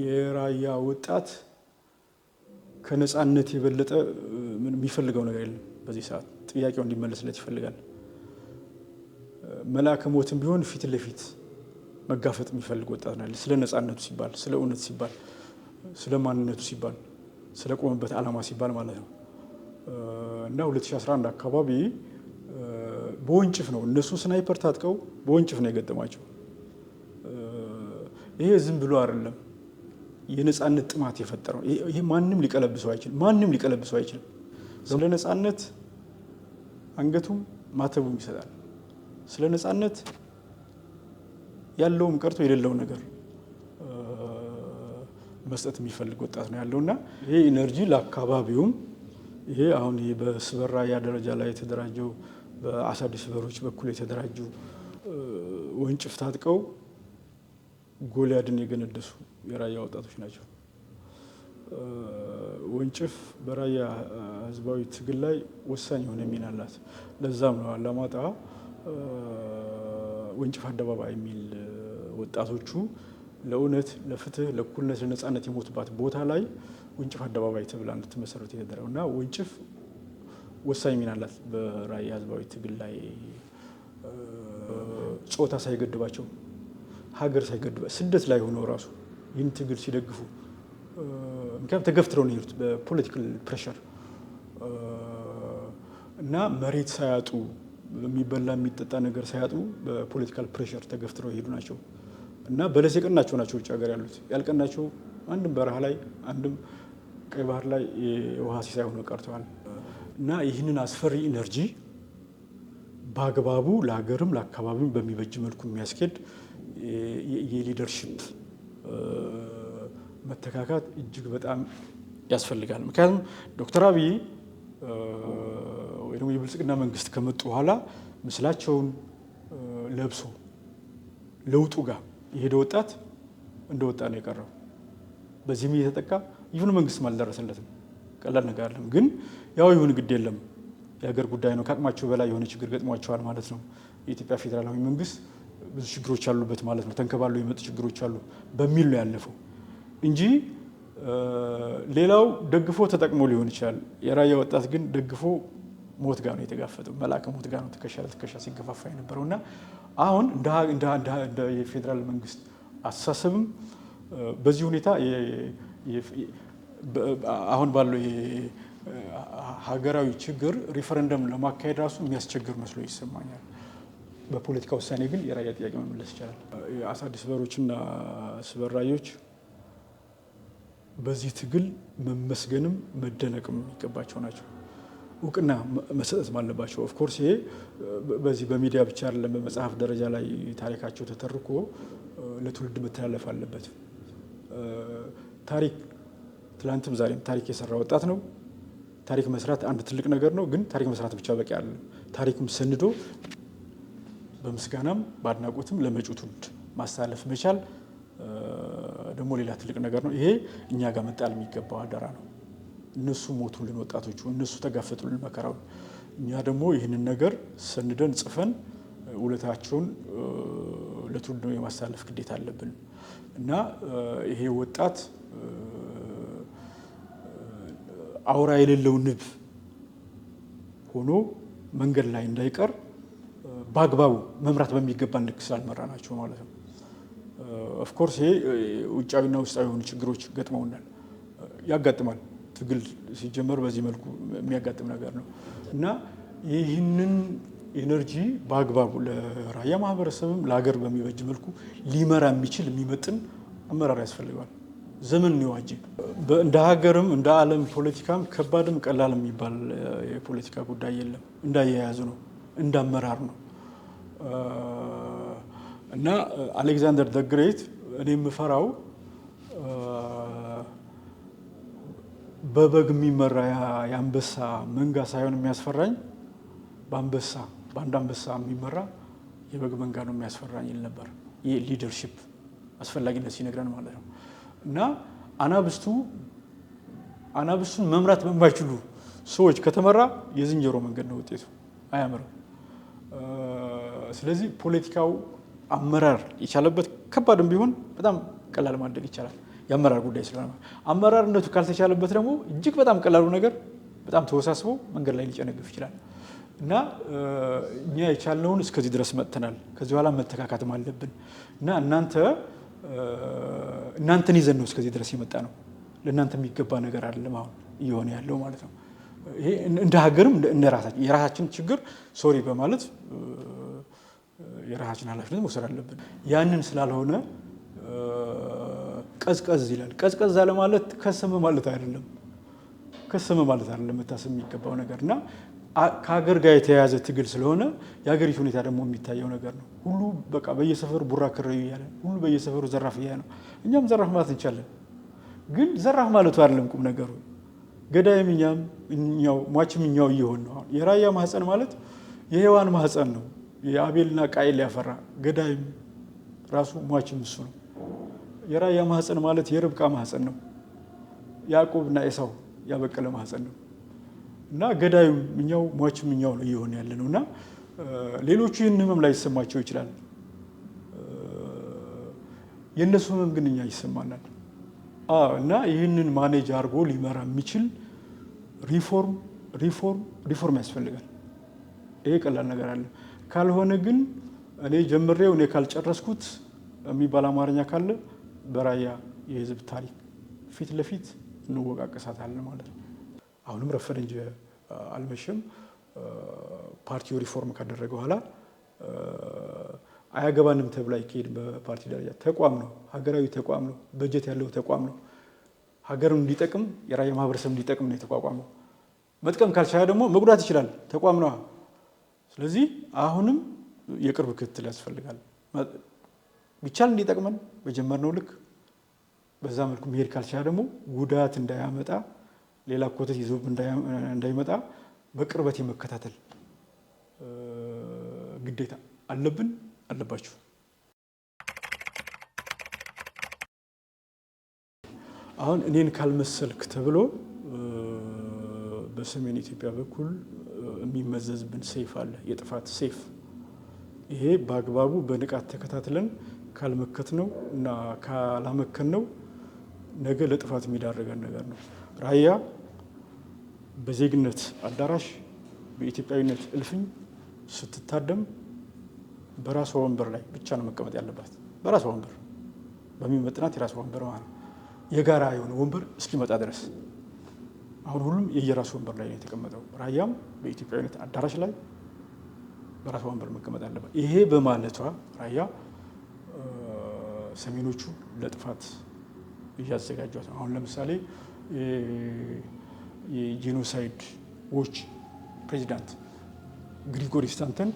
የራያ ወጣት ከነፃነት የበለጠ የሚፈልገው ነገር የለም። በዚህ ሰዓት ጥያቄው እንዲመለስለት ይፈልጋል። መልአከ ሞትም ቢሆን ፊት ለፊት መጋፈጥ የሚፈልግ ወጣት ነው ስለ ነፃነቱ ሲባል፣ ስለ እውነት ሲባል፣ ስለ ማንነቱ ሲባል፣ ስለ ቆመበት ዓላማ ሲባል ማለት ነው እና 2011 አካባቢ በወንጭፍ ነው እነሱ ስናይፐር ታጥቀው በወንጭፍ ነው የገጠማቸው። ይሄ ዝም ብሎ አይደለም። የነፃነት ጥማት የፈጠረው ይሄ ማንም ሊቀለብሰው አይችልም። ማንም ሊቀለብሰው አይችልም። ስለ ነፃነት አንገቱም ማተቡም ይሰጣል። ስለ ነፃነት ያለውም ቀርቶ የሌለው ነገር መስጠት የሚፈልግ ወጣት ነው ያለውና ይሄ ኢነርጂ ለአካባቢውም ይሄ አሁን ይሄ በስበራ ያ ደረጃ ላይ የተደራጀው በአሳዲስ በሮች በኩል የተደራጁ ወንጭፍ ታጥቀው ጎልያድን የገነደሱ የራያ ወጣቶች ናቸው። ወንጭፍ በራያ ህዝባዊ ትግል ላይ ወሳኝ የሆነ ሚና አላት። ለዛም ነው አላማጣ ወንጭፍ አደባባይ የሚል ወጣቶቹ ለእውነት፣ ለፍትህ፣ ለእኩልነት፣ ለነፃነት የሞቱባት ቦታ ላይ ወንጭፍ አደባባይ ተብላ እንድትመሰረት የተደረገው እና ወንጭፍ ወሳኝ ሚና አላት በራያ ህዝባዊ ትግል ላይ ጾታ ሳይገድባቸው ሀገር ሳይገድባ ስደት ላይ ሆነው ራሱ ይህን ትግል ሲደግፉ ምክንያቱም ተገፍትረው ነው የሄዱት በፖለቲካል ፕሬሸር እና መሬት ሳያጡ የሚበላ የሚጠጣ ነገር ሳያጡ በፖለቲካል ፕሬሸር ተገፍትረው የሄዱ ናቸው እና በለስ የቀናቸው ናቸው ውጭ ሀገር ያሉት ያልቀናቸው አንድም በረሃ ላይ አንድም ቀይ ባህር ላይ የውሃ ሲሳይ ሆነው ቀርተዋል እና ይህንን አስፈሪ ኢነርጂ በአግባቡ ለሀገርም ለአካባቢም በሚበጅ መልኩ የሚያስኬድ የሊደርሽፕ መተካካት እጅግ በጣም ያስፈልጋል። ምክንያቱም ዶክተር አብይ ወይ ደግሞ የብልጽግና መንግስት ከመጡ በኋላ ምስላቸውን ለብሶ ለውጡ ጋር የሄደ ወጣት እንደ ወጣ ነው የቀረው። በዚህም እየተጠቃ ይሁን መንግስትም አልደረሰለትም። ቀላል ነገር አለም። ግን ያው ይሁን ግድ የለም የሀገር ጉዳይ ነው። ከአቅማቸው በላይ የሆነ ችግር ገጥሟቸዋል ማለት ነው። የኢትዮጵያ ፌዴራላዊ መንግስት ብዙ ችግሮች አሉበት ማለት ነው። ተንከባሎ የመጡ ችግሮች አሉ በሚል ነው ያለፈው እንጂ ሌላው ደግፎ ተጠቅሞ ሊሆን ይችላል። የራያ ወጣት ግን ደግፎ ሞት ጋር ነው የተጋፈጠው። መልአከ ሞት ጋር ነው ትከሻ ለትከሻ ሲገፋፋ የነበረው እና አሁን እንደ የፌዴራል መንግስት አስተሳሰብም በዚህ ሁኔታ አሁን ባለው ሀገራዊ ችግር ሪፈረንደም ለማካሄድ ራሱ የሚያስቸግር መስሎ ይሰማኛል። በፖለቲካ ውሳኔ ግን የራያ ጥያቄ መመለስ ይቻላል። የአሳ ዲስበሮችና ስበራዮች በዚህ ትግል መመስገንም መደነቅም የሚገባቸው ናቸው። እውቅና መሰጠትም አለባቸው። ኦፍኮርስ ይሄ በዚህ በሚዲያ ብቻ አይደለም። በመጽሐፍ ደረጃ ላይ ታሪካቸው ተተርኮ ለትውልድ መተላለፍ አለበት። ታሪክ ትላንትም ዛሬም ታሪክ የሰራ ወጣት ነው። ታሪክ መስራት አንድ ትልቅ ነገር ነው። ግን ታሪክ መስራት ብቻ በቂ አለ። ታሪክም ሰንዶ በምስጋናም በአድናቆትም ለመጪው ትውልድ ማሳለፍ መቻል ደግሞ ሌላ ትልቅ ነገር ነው። ይሄ እኛ ጋር መጣል የሚገባው አደራ ነው። እነሱ ሞቱልን ወጣቶቹ፣ እነሱ ተጋፈጡልን መከራ እኛ ደግሞ ይህንን ነገር ሰንደን ጽፈን ውለታቸውን ለትውልድ የማሳለፍ ግዴታ አለብን እና ይሄ ወጣት አውራ የሌለው ንብ ሆኖ መንገድ ላይ እንዳይቀር በአግባቡ መምራት በሚገባን ልክ ስላልመራ ናቸው ማለት ነው። ኦፍኮርስ ይሄ ውጫዊና ውስጣዊ የሆኑ ችግሮች ገጥመውናል፣ ያጋጥማል። ትግል ሲጀመር በዚህ መልኩ የሚያጋጥም ነገር ነው እና ይህንን ኤነርጂ በአግባቡ ለራያ ማህበረሰብም ለሀገር በሚበጅ መልኩ ሊመራ የሚችል የሚመጥን አመራር ያስፈልገዋል። ዘመን የዋጀ እንደ ሀገርም እንደ ዓለም ፖለቲካም ከባድም ቀላል የሚባል የፖለቲካ ጉዳይ የለም። እንዳያያዙ ነው። እንደ አመራር ነው እና አሌክዛንደር ደ ግሬት እኔ የምፈራው በበግ የሚመራ የአንበሳ መንጋ ሳይሆን የሚያስፈራኝ በአንበሳ በአንድ አንበሳ የሚመራ የበግ መንጋ ነው የሚያስፈራኝ ይል ነበር። ይህ ሊደርሽፕ አስፈላጊነት ሲነግረን ማለት ነው እና አናብስቱ አናብስቱን መምራት በማይችሉ ሰዎች ከተመራ የዝንጀሮ መንገድ ነው ውጤቱ አያምርም። ስለዚህ ፖለቲካው አመራር የቻለበት ከባድም ቢሆን በጣም ቀላል ማድረግ ይቻላል። የአመራር ጉዳይ ስለሆነ አመራርነቱ ካልተቻለበት ደግሞ እጅግ በጣም ቀላሉ ነገር በጣም ተወሳስቦ መንገድ ላይ ሊጨነግፍ ይችላል። እና እኛ የቻልነውን እስከዚህ ድረስ መጥተናል። ከዚህ በኋላ መተካካትም አለብን እና እናንተ እናንተን ይዘን ነው እስከዚህ ድረስ የመጣ ነው። ለእናንተ የሚገባ ነገር አይደለም አሁን እየሆነ ያለው ማለት ነው። እንደ ሀገርም እንደ ራሳችን የራሳችን ችግር ሶሪ በማለት የራሳችን ኃላፊነት መውሰድ አለብን። ያንን ስላልሆነ ቀዝቀዝ ይላል። ቀዝቀዝ ለማለት ማለት ከሰመ ማለት አይደለም፣ ከሰመ ማለት አይደለም። መታሰብ የሚገባው ነገር እና ከሀገር ጋር የተያያዘ ትግል ስለሆነ የሀገሪቱ ሁኔታ ደግሞ የሚታየው ነገር ነው። ሁሉ በቃ በየሰፈሩ ቡራ ክረዩ እያለ ሁሉ በየሰፈሩ ዘራፍ እያለ ነው። እኛም ዘራፍ ማለት እንቻለን፣ ግን ዘራፍ ማለቱ አይደለም ቁም ነገሩ ገዳይም እኛም እኛው ሟችም እኛው እየሆን ነው። የራያ ማህፀን ማለት የሔዋን ማህፀን ነው። የአቤልና ቃይል ያፈራ ገዳይም ራሱ ሟችም እሱ ነው። የራያ ማህፀን ማለት የርብቃ ማህፀን ነው። ያዕቆብና ኤሳው ያበቀለ ማህፀን ነው እና ገዳዩም እኛው ሟችም እኛው ነው እየሆን ያለ ነው እና ሌሎቹ ይህን ህመም ላይ ይሰማቸው ይችላል። የእነሱ ህመም ግን እኛ ይሰማናል። እና ይህንን ማኔጅ አድርጎ ሊመራ የሚችል ሪፎርም ሪፎርም ሪፎርም ያስፈልጋል። ይሄ ቀላል ነገር አለ። ካልሆነ ግን እኔ ጀምሬው እኔ ካልጨረስኩት የሚባል አማርኛ ካለ በራያ የህዝብ ታሪክ ፊት ለፊት እንወቃቀሳታለን ማለት ነው። አሁንም ረፈደ እንጂ አልመሸም። ፓርቲው ሪፎርም ካደረገ በኋላ አያገባንም ተብሎ አይካሄድም። በፓርቲ ደረጃ ተቋም ነው፣ ሀገራዊ ተቋም ነው፣ በጀት ያለው ተቋም ነው። ሀገርን እንዲጠቅም የራያ ማህበረሰብ እንዲጠቅም ነው የተቋቋመው። መጥቀም ካልቻለ ደግሞ መጉዳት ይችላል። ተቋም ነው። ስለዚህ አሁንም የቅርብ ክትትል ያስፈልጋል። ቢቻል እንዲጠቅመን በጀመርነው ልክ በዛ መልኩ መሄድ ካልቻለ ደግሞ ጉዳት እንዳያመጣ ሌላ ኮተት ይዞ እንዳይመጣ በቅርበት የመከታተል ግዴታ አለብን። አለባችሁ። አሁን እኔን ካልመሰልክ ተብሎ በሰሜን ኢትዮጵያ በኩል የሚመዘዝብን ሰይፍ አለ፣ የጥፋት ሰይፍ። ይሄ በአግባቡ በንቃት ተከታትለን ካልመከት ነው እና ካላመከን ነው ነገ ለጥፋት የሚዳረገን ነገር ነው። ራያ በዜግነት አዳራሽ በኢትዮጵያዊነት እልፍኝ ስትታደም በራሷ ወንበር ላይ ብቻ ነው መቀመጥ ያለባት። በራሷ ወንበር በሚመጥናት የራሷ ወንበር ማለት ነው። የጋራ የሆነ ወንበር እስኪመጣ ድረስ አሁን ሁሉም የየራሱ ወንበር ላይ ነው የተቀመጠው። ራያም በኢትዮጵያዊነት አዳራሽ ላይ በራሷ ወንበር መቀመጥ አለባት። ይሄ በማለቷ ራያ ሰሜኖቹ ለጥፋት እያዘጋጇት ነው። አሁን ለምሳሌ የጄኖሳይድ ዎች ፕሬዚዳንት ግሪጎሪ ስታንተን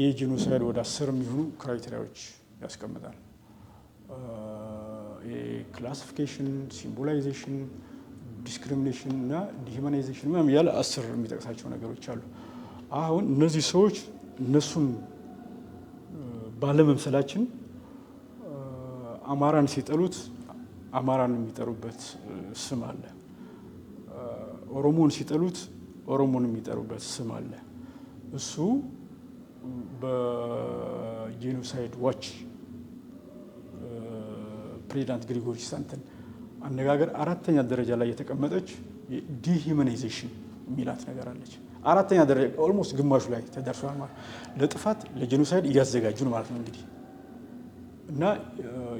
የጂኖሳይድ ወደ አስር የሚሆኑ ክራይቴሪያዎች ያስቀምጣል። ክላሲፊኬሽን፣ ሲምቦላይዜሽን፣ ዲስክሪሚኔሽን እና ዲሂማናይዜሽን ምናምን እያለ አስር የሚጠቅሳቸው ነገሮች አሉ። አሁን እነዚህ ሰዎች እነሱን ባለመምሰላችን አማራን ሲጠሉት አማራን የሚጠሩበት ስም አለ። ኦሮሞን ሲጠሉት ኦሮሞን የሚጠሩበት ስም አለ። እሱ በጄኖሳይድ ዋች ፕሬዚዳንት ግሪጎሪ ሳንተን አነጋገር አራተኛ ደረጃ ላይ የተቀመጠች ዲሂማናይዜሽን የሚላት ነገር አለች። አራተኛ ደረጃ ኦልሞስት ግማሹ ላይ ተደርሷል ማለት ለጥፋት ለጄኖሳይድ እያዘጋጁን ማለት ነው እንግዲህ እና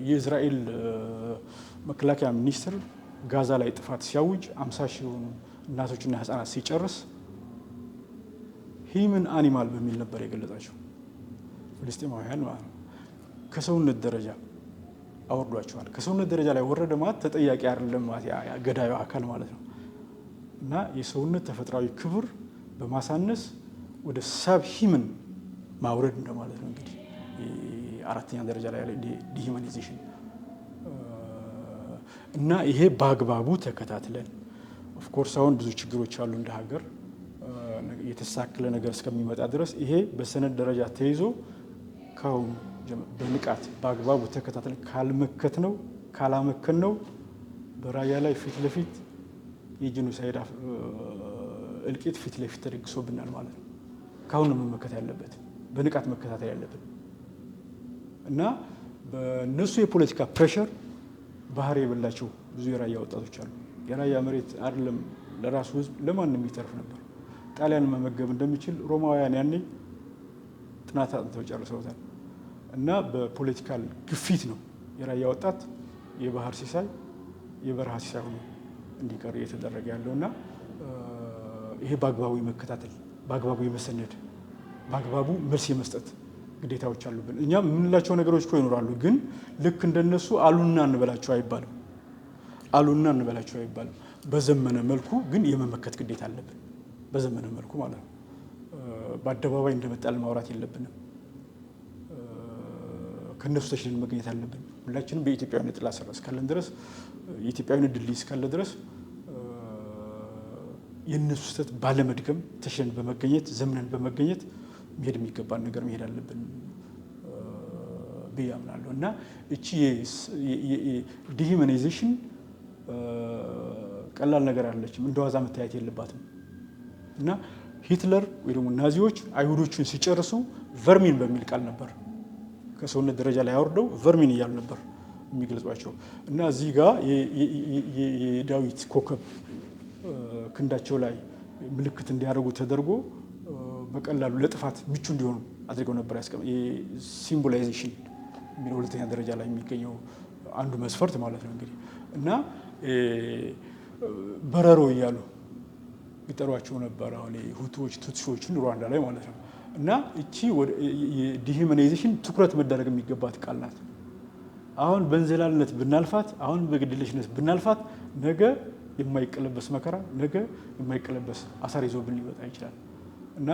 የእስራኤል መከላከያ ሚኒስትር ጋዛ ላይ ጥፋት ሲያውጅ አምሳ ሺህ የሆኑ እናቶችና ህጻናት ሲጨርስ ሂምን አኒማል በሚል ነበር የገለጻቸው ፍልስጤማውያን ማለት ነው። ከሰውነት ደረጃ አወርዷቸዋል። ከሰውነት ደረጃ ላይ ወረደ ማለት ተጠያቂ አይደለም ማለት ገዳዩ አካል ማለት ነው እና የሰውነት ተፈጥሯዊ ክብር በማሳነስ ወደ ሰብ ሂምን ማውረድ እንደማለት ነው። እንግዲህ አራተኛ ደረጃ ላይ ዲሂማኒዜሽን እና ይሄ በአግባቡ ተከታትለን ኦፍኮርስ አሁን ብዙ ችግሮች አሉ እንደ ሀገር የተሳከለ ነገር እስከሚመጣ ድረስ ይሄ በሰነድ ደረጃ ተይዞ ከአሁኑ በንቃት በአግባቡ ተከታተል ካልመከት ነው ካላመከን ነው በራያ ላይ ፊት ለፊት የጂኖሳይድ እልቂት ፊት ለፊት ተደግሶብናል ማለት ነው። ካሁን ነው መመከት ያለበት በንቃት መከታተል ያለብን እና በእነሱ የፖለቲካ ፕሬሸር ባህር የበላቸው ብዙ የራያ ወጣቶች አሉ። የራያ መሬት አይደለም ለራሱ ህዝብ ለማንም ይተርፍ ነበር። ጣሊያን መመገብ እንደሚችል ሮማውያን ያኔ ጥናት አጥንተው ጨርሰውታል። እና በፖለቲካል ግፊት ነው የራያ ወጣት የባህር ሲሳይ የበረሃ ሲሳይ ሆኖ እንዲቀር እየተደረገ ያለው እና ይሄ በአግባቡ መከታተል፣ በአግባቡ የመሰነድ በአግባቡ መልስ የመስጠት ግዴታዎች አሉብን። እኛ የምንላቸው ነገሮች እኮ ይኖራሉ፣ ግን ልክ እንደነሱ አሉና እንበላቸው አይባልም። አሉና እንበላቸው አይባልም። በዘመነ መልኩ ግን የመመከት ግዴታ አለብን። በዘመነ መልኩ ማለት ነው። በአደባባይ እንደመጣል ማውራት የለብንም። ከእነሱ ተሽለን መገኘት አለብን። ሁላችንም በኢትዮጵያዊነት ጥላ ስር እስካለን ድረስ የኢትዮጵያዊነት ድልድይ እስካለ ድረስ የእነሱ ስህተት ባለመድገም ተሽለን በመገኘት ዘምነን በመገኘት መሄድ የሚገባን ነገር መሄድ አለብን ብዬ አምናለሁ እና እቺ ዲሂማናይዜሽን ቀላል ነገር አለችም። እንደ ዋዛ መታየት የለባትም። እና ሂትለር ወይ ደግሞ ናዚዎች አይሁዶቹን ሲጨርሱ ቨርሚን በሚል ቃል ነበር ከሰውነት ደረጃ ላይ አውርደው ቨርሚን እያሉ ነበር የሚገልጿቸው እና እዚህ ጋር የዳዊት ኮከብ ክንዳቸው ላይ ምልክት እንዲያደርጉ ተደርጎ በቀላሉ ለጥፋት ምቹ እንዲሆኑ አድርገው ነበር። ሲምቦላይዜሽን የሚለው ሁለተኛ ደረጃ ላይ የሚገኘው አንዱ መስፈርት ማለት ነው እንግዲህ እና በረሮ እያሉ ይጠሯቸው ነበር። አሁን ሁቱዎች፣ ቱትሲዎችን ሩዋንዳ ላይ ማለት ነው። እና እቺ ዲሂመናይዜሽን ትኩረት መደረግ የሚገባት ቃል ናት። አሁን በእንዝላልነት ብናልፋት፣ አሁን በግድለሽነት ብናልፋት ነገ የማይቀለበስ መከራ ነገ የማይቀለበስ አሳር ይዞብን ሊመጣ ይችላል እና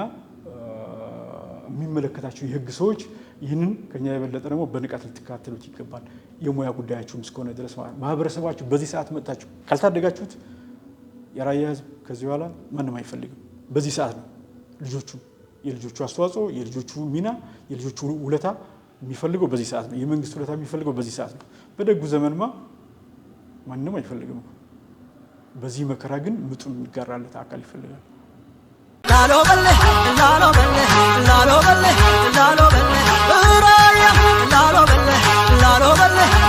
የሚመለከታቸው የህግ ሰዎች ይህንን ከኛ የበለጠ ደግሞ በንቃት ልትከታተሉት ይገባል። የሙያ ጉዳያችሁም እስከሆነ ድረስ ማለት ማህበረሰባችሁ በዚህ ሰዓት መጥታችሁ ካልታደጋችሁት የራያ ህዝብ ከዚህ በኋላ ማንም አይፈልግም። በዚህ ሰዓት ነው ልጆቹ የልጆቹ አስተዋጽኦ የልጆቹ ሚና የልጆቹ ውለታ የሚፈልገው በዚህ ሰዓት ነው። የመንግስት ውለታ የሚፈልገው በዚህ ሰዓት ነው። በደጉ ዘመንማ ማንም አይፈልግም። በዚህ መከራ ግን ምጡ የሚጋራለት አካል ይፈልጋል። ላሎ በለ